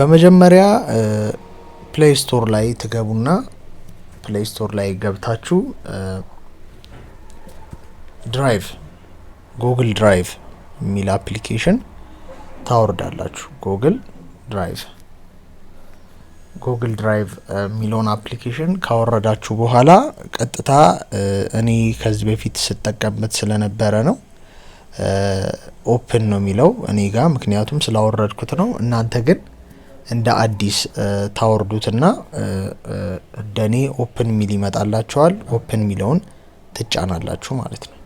በመጀመሪያ ፕሌይ ስቶር ላይ ትገቡና ፕሌይ ስቶር ላይ ገብታችሁ ድራይቭ ጉግል ድራይቭ የሚል አፕሊኬሽን ታወርዳላችሁ። ጉግል ድራይቭ ጉግል ድራይቭ የሚለውን አፕሊኬሽን ካወረዳችሁ በኋላ ቀጥታ እኔ ከዚህ በፊት ስጠቀምበት ስለነበረ ነው ኦፕን ነው የሚለው እኔ ጋር፣ ምክንያቱም ስላወረድኩት ነው። እናንተ ግን እንደ አዲስ ታወርዱትና እንደኔ ኦፕን ሚል ይመጣላችኋል። ኦፕን ሚለውን ትጫናላችሁ ማለት ነው።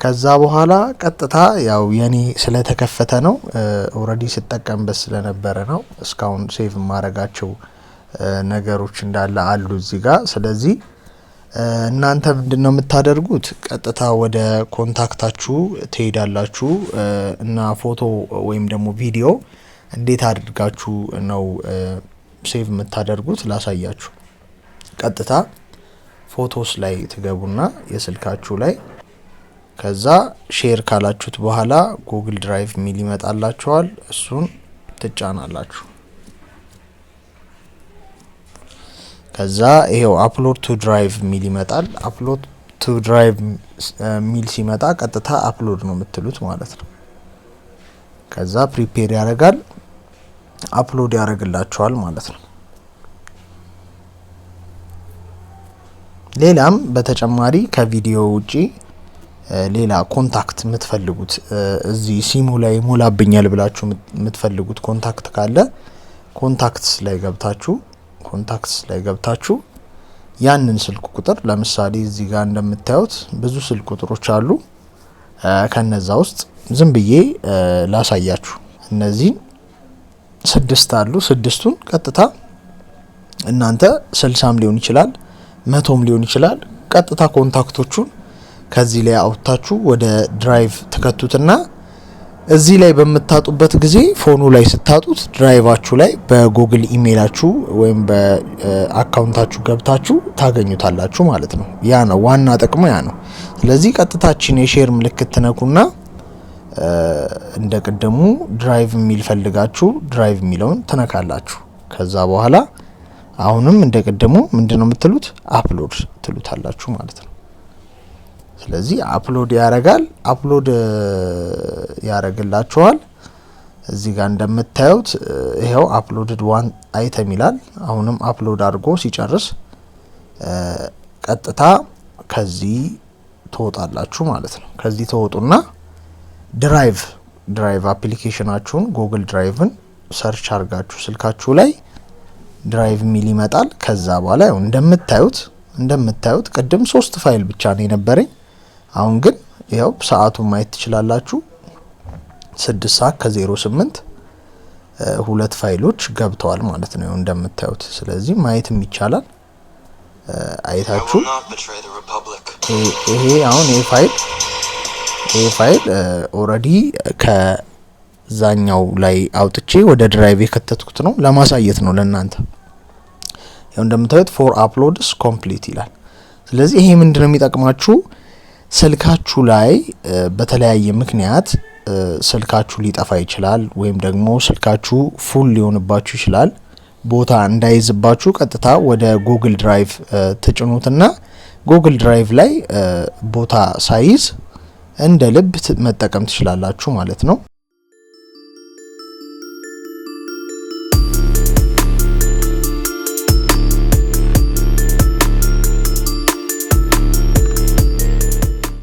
ከዛ በኋላ ቀጥታ ያው የኔ ስለተከፈተ ነው ኦልሬዲ ስጠቀምበት ስለነበረ ነው። እስካሁን ሴቭ ማድረጋቸው ነገሮች እንዳለ አሉ እዚህ ጋር። ስለዚህ እናንተ ምንድን ነው የምታደርጉት? ቀጥታ ወደ ኮንታክታችሁ ትሄዳላችሁ እና ፎቶ ወይም ደግሞ ቪዲዮ እንዴት አድርጋችሁ ነው ሴቭ የምታደርጉት ላሳያችሁ። ቀጥታ ፎቶስ ላይ ትገቡና የስልካችሁ ላይ ከዛ ሼር ካላችሁት በኋላ ጉግል ድራይቭ የሚል ይመጣላችኋል። እሱን ትጫናላችሁ። ከዛ ይሄው አፕሎድ ቱ ድራይቭ የሚል ይመጣል። አፕሎድ ቱ ድራይቭ ሚል ሲመጣ ቀጥታ አፕሎድ ነው የምትሉት ማለት ነው። ከዛ ፕሪፔር ያደርጋል። አፕሎድ ያደርግላቸዋል ማለት ነው። ሌላም በተጨማሪ ከቪዲዮ ውጪ ሌላ ኮንታክት የምትፈልጉት እዚህ ሲሙ ላይ ሞላብኛል ብላችሁ የምትፈልጉት ኮንታክት ካለ ኮንታክትስ ላይ ገብታችሁ ኮንታክትስ ላይ ገብታችሁ ያንን ስልክ ቁጥር ለምሳሌ እዚህ ጋር እንደምታዩት ብዙ ስልክ ቁጥሮች አሉ። ከነዛ ውስጥ ዝም ብዬ ላሳያችሁ እነዚህን ስድስት አሉ። ስድስቱን ቀጥታ እናንተ ስልሳም ሊሆን ይችላል መቶም ሊሆን ይችላል። ቀጥታ ኮንታክቶቹን ከዚህ ላይ አውጥታችሁ ወደ ድራይቭ ትከቱትና እዚህ ላይ በምታጡበት ጊዜ ፎኑ ላይ ስታጡት ድራይቫችሁ ላይ በጉግል ኢሜይላችሁ ወይም በአካውንታችሁ ገብታችሁ ታገኙታላችሁ ማለት ነው። ያ ነው ዋና ጥቅሙ ያ ነው። ስለዚህ ቀጥታችን የሼር ምልክት ትነኩና እንደ ቅድሙ ድራይቭ የሚል ፈልጋችሁ ድራይቭ የሚለውን ትነካላችሁ። ከዛ በኋላ አሁንም እንደ ቅድሙ ምንድን ነው የምትሉት አፕሎድ ትሉታላችሁ ማለት ነው። ስለዚህ አፕሎድ ያረጋል፣ አፕሎድ ያረግላችኋል። እዚህ ጋር እንደምታዩት ይኸው አፕሎድድ ዋን አይተም ይላል። አሁንም አፕሎድ አድርጎ ሲጨርስ ቀጥታ ከዚህ ትወጣላችሁ ማለት ነው። ከዚህ ተወጡና ድራይቭ ድራይቭ አፕሊኬሽናችሁን ጉግል ድራይቭን ሰርች አርጋችሁ ስልካችሁ ላይ ድራይቭ ሚል ይመጣል። ከዛ በኋላ ያው እንደምታዩት እንደምታዩት ቅድም ሶስት ፋይል ብቻ ነው የነበረኝ። አሁን ግን ያው ሰዓቱን ማየት ትችላላችሁ። ስድስት ሰዓት ከዜሮ ስምንት ሁለት ፋይሎች ገብተዋል ማለት ነው እንደምታዩት። ስለዚህ ማየትም ይቻላል። አይታችሁ ይሄ አሁን ይሄ ፋይል ይህ ፋይል ኦልሬዲ ከዛኛው ላይ አውጥቼ ወደ ድራይቭ የከተትኩት ነው፣ ለማሳየት ነው ለእናንተ። ያው እንደምታዩት ፎር አፕሎድስ ኮምፕሊት ይላል። ስለዚህ ይሄ ምንድን ነው የሚጠቅማችሁ ስልካችሁ ላይ በተለያየ ምክንያት ስልካችሁ ሊጠፋ ይችላል፣ ወይም ደግሞ ስልካችሁ ፉል ሊሆንባችሁ ይችላል። ቦታ እንዳይዝባችሁ ቀጥታ ወደ ጉግል ድራይቭ ትጭኑትና ጉግል ድራይቭ ላይ ቦታ ሳይዝ እንደ ልብ መጠቀም ትችላላችሁ ማለት ነው።